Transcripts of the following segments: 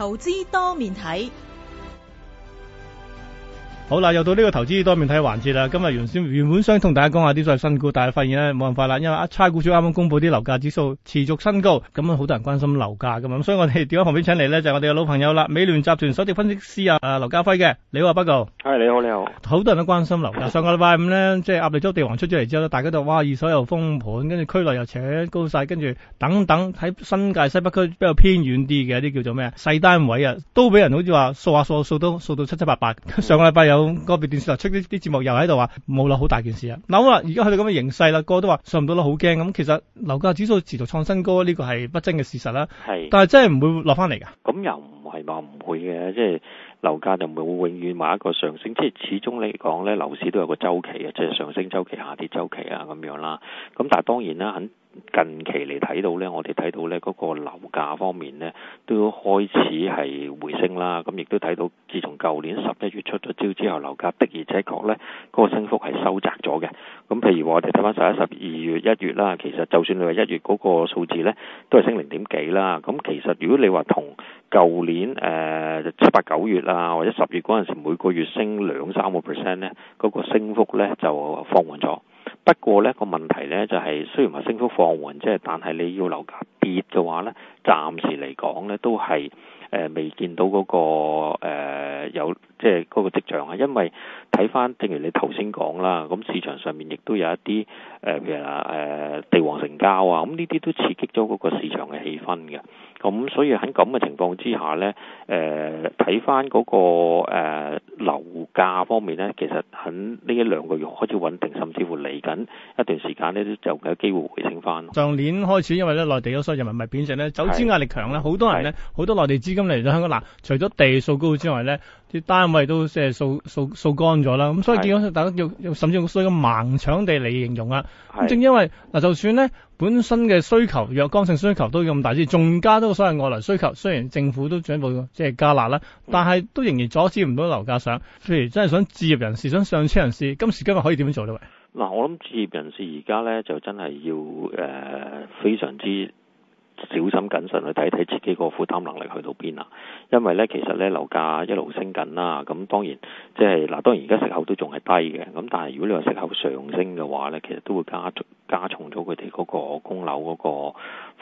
投資多面睇。好啦，又到呢個投資多面睇嘅環節啦。今日原先原本想同大家講下啲都係新股，但係發現咧冇辦法啦，因為阿差估署啱啱公布啲樓價指數持續新高，咁啊好多人關心樓價噶嘛。所以我哋調喺旁邊請嚟咧就係、是、我哋嘅老朋友啦，美聯集團首席分析師啊，啊劉嘉輝嘅，你話不夠？你好，你好。好多人都關心樓價。上個禮拜五咧，即係鴨脷洲地王出咗嚟之後咧，大家都哇二手有封盤又封盤，跟住區內又扯高晒。跟住等等喺新界西北區比較偏遠啲嘅一啲叫做咩細單位啊，都俾人好似話掃下掃下掃都掃到七七八八。嗯、上個禮拜有。個別電視台出呢啲節目又喺度話冇啦，好大件事啊！嗱，好啦，而家佢哋咁嘅形勢啦，個都話上唔到啦，好驚咁。其實樓價指數持續創新高，呢個係不爭嘅事實啦。係，但係真係唔會落翻嚟噶。咁又唔係話唔會嘅，即係樓價就唔會永遠買一個上升，即係始終嚟講咧，樓市都有個週期嘅，即係上升週期、下跌週期啊，咁樣啦。咁但係當然啦，肯。近期嚟睇到呢，我哋睇到呢嗰個樓價方面呢，都開始係回升啦。咁亦都睇到，自從舊年十一月出咗招之後，樓價的而且確呢，嗰個升幅係收窄咗嘅。咁譬如話，我哋睇翻十一、十二月、一月啦，其實就算你話一月嗰個數字呢，都係升零點幾啦。咁其實如果你話同舊年誒七八九月啊，或者十月嗰陣時每個月升兩三個 percent 呢，嗰個升幅呢，就放緩咗。不過呢個問題呢，就係，雖然話升幅放緩，即係，但係你要樓價跌嘅話呢，暫時嚟講呢都係。誒未見到嗰個誒有即係嗰個跡象啊，因為睇翻正如你頭先講啦，咁市場上面亦都有一啲誒譬如話誒地王成交啊，咁呢啲都刺激咗嗰個市場嘅氣氛嘅。咁所以喺咁嘅情況之下呢，誒睇翻嗰個誒樓價方面呢，其實喺呢一兩個月開始穩定，甚至乎嚟緊一段時間呢，就有機會回升翻。上年開始因為咧內地有嘅人民幣貶值呢，走資壓力強呢，好是的 多人呢，好是的 多內地資金。咁嚟到香港嗱，除咗地掃高之外咧，啲單位都即係掃掃掃乾咗啦，咁的所以見到大家叫甚至用所謂嘅盲搶地嚟形容啦。咁的正因為嗱，就算咧本身嘅需求，若剛性需求都咁大之，仲加多所謂外來需求。雖然政府都進一步即係加壓啦，嗯、但係都仍然阻止唔到樓價上。譬如真係想置業人士想上車人士，今時今日可以點樣做咧？嗱，我諗置業人士而家咧就真係要誒、呃、非常之。小心謹慎去睇一睇自己個負擔能力去到邊啦。因為呢，其實咧樓價一路升緊啦，咁當然即係嗱，當然而家息口都仲係低嘅。咁但係如果你話息口上升嘅話呢，其實都會加重加重咗佢哋嗰個供樓嗰個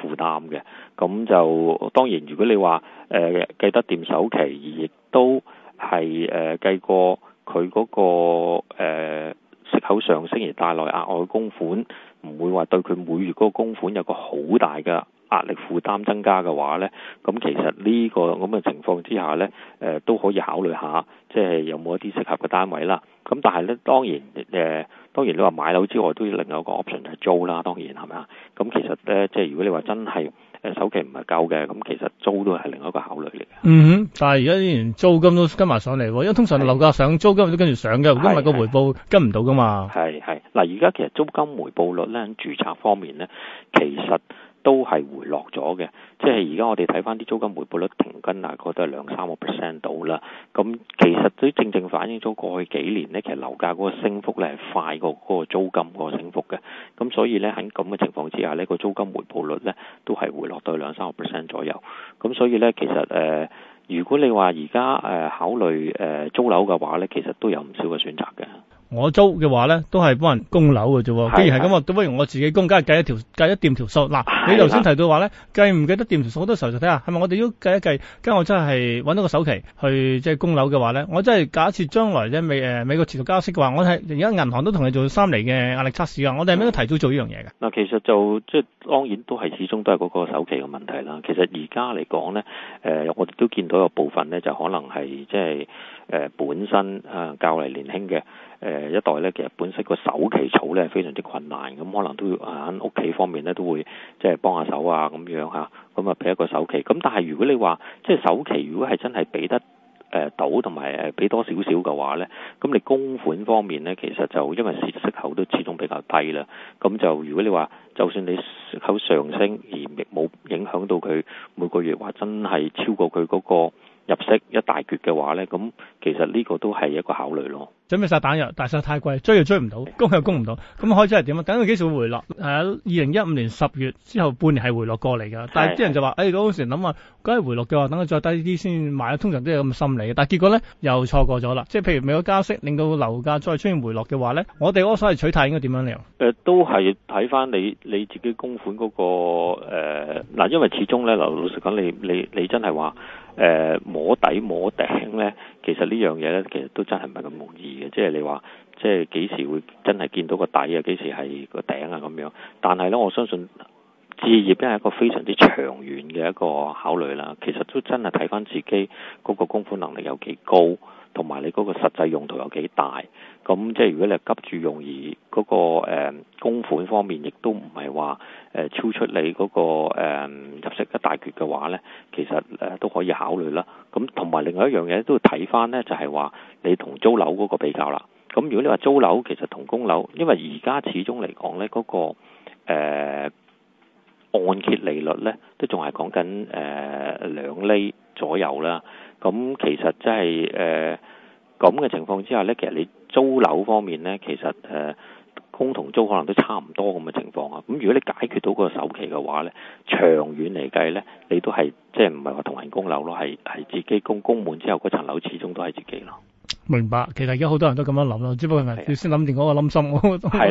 負擔嘅。咁就當然如果你話誒計得掂首期，而亦都係誒計過佢嗰個誒息口上升而帶來額外的供款，唔會話對佢每月嗰個供款有一個好大嘅。壓力負擔增加嘅話咧，咁其實呢個咁嘅情況之下咧、呃，都可以考慮下，即係有冇一啲適合嘅單位啦。咁但係咧，當然誒、呃，當然你話買樓之外，都要另外一個 option 係租啦。當然係咪啊？咁其實咧，即係如果你話真係誒首期唔係夠嘅，咁其實租都係另一個考慮嚟嘅。嗯哼，但係而家呢，人租金都跟埋上嚟喎，因為通常樓價上，租金都跟住上嘅，如果唔係個回報跟唔到噶嘛。係係，嗱而家其實租金回報率咧，喺註冊方面咧，其實。都係回落咗嘅。即係而家我哋睇翻啲租金回報率平均啊，大概都係兩三個 percent 到啦。咁其實都正正反映咗過去幾年呢，其實樓價嗰個升幅咧係快過嗰個租金個升幅嘅。咁所以呢，喺咁嘅情況之下呢，個租金回報率呢都係回落到兩三個 percent 左右。咁所以呢，其實誒、呃，如果你話而家誒考慮誒租樓嘅話呢，其實都有唔少嘅選擇嘅。我租嘅話咧，都係幫人供樓嘅啫。是的既然係咁啊，都不如我自己供，梗係計一條計一掂條數。嗱、啊，你頭先提到的話咧，的計唔計得掂條數？好多時候就睇下係咪我哋都計一計。跟我真係揾到個首期去即係供樓嘅話咧，我真係假設將來咧美誒美國持續加息嘅話，我係而家銀行都同你做三厘嘅壓力測試啊。我哋係咪都提早做呢樣嘢嘅？嗱，其實就即係當然都係始終都係嗰個首期嘅問題啦。其實而家嚟講咧，誒我哋都見到有部分咧就可能係即係誒本身啊、呃、較嚟年輕嘅。誒、呃、一代咧，其實本身個首期儲咧非常之困難，咁可能都要喺屋企方面咧都會即係幫下手啊咁樣嚇，咁啊俾一個首期。咁但係如果你話即係首期如果係真係俾得誒到，同埋誒俾多少少嘅話咧，咁你供款方面咧，其實就因為息息口都始終比較低啦，咁就如果你話就算你息口上升而亦冇影響到佢每個月話真係超過佢嗰、嗰個。入息一大橛嘅話咧，咁其實呢個都係一個考慮咯。準備晒彈藥，但實太貴，追又追唔到，供又供唔到，咁開始係點啊？等佢幾時會回落？係啊，二零一五年十月之後半年係回落過嚟嘅，是 但係啲人就話，誒嗰陣時諗下梗係回落嘅話，等佢再低啲先買，通常都有咁心理嘅。但係結果咧又錯過咗啦。即係譬如未有加息，令到樓價再出現回落嘅話咧，我哋嗰手嚟取態應該點樣嚟啊？都係睇翻你你自己供款嗰、嗰個嗱、呃，因為始終咧，嗱，老實講，你你你真係話。誒、呃，摸底摸頂咧，其實這呢樣嘢咧，其實都真係唔係咁容易嘅，即係你話，即係幾時會真係見到個底是個啊？幾時係個頂啊？咁樣。但係咧，我相信置業咧係一個非常之長遠嘅一個考慮啦，其實都真係睇翻自己嗰個供款能力有幾高，同埋你嗰個實際用途有幾大。咁即係如果你急住用，而嗰個供款方面亦都唔係話誒超出你嗰個入息一大鉸嘅話呢，其實誒都可以考慮啦。咁同埋另外一樣嘢都要睇翻呢，就係話你同租樓嗰個比較啦。咁如果你話租樓，其實同供樓，因為而家始終嚟講呢、那、嗰個、呃按揭利率咧都仲係講緊誒兩厘左右啦，咁、嗯、其實即係誒咁嘅情況之下咧，其實你租樓方面咧，其實誒供同租可能都差唔多咁嘅情況啊。咁、嗯、如果你解決到個首期嘅話咧，長遠嚟計咧，你都係即係唔係話同人供樓咯，係係自己供供滿之後嗰層樓始終都係自己咯。明白，其實而家好多人都咁樣諗咯，只不過要先諗掂嗰個諗心咯。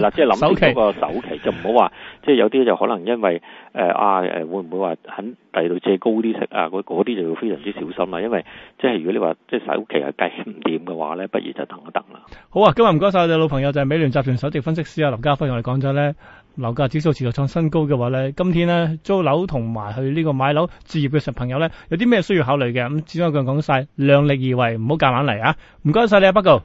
啦的，即係諗掂個首期 就唔好話，即、就、係、是、有啲就可能因為誒、呃、啊誒，會唔會話肯第二度借高啲息啊？嗰啲就要非常之小心啦。因為即係、就是、如果你話即係首期係計唔掂嘅話咧，不如就等一等啦。好啊，今日唔該晒我哋老朋友就係、是、美聯集團首席分析師啊劉嘉輝，我哋講咗咧。樓價指數持續創新高嘅話呢，今天呢，租樓同埋去呢個買樓置業嘅實朋友呢，有啲咩需要考慮嘅？咁一句講曬，量力而為，唔好夾硬嚟啊！唔該曬你啊，不過。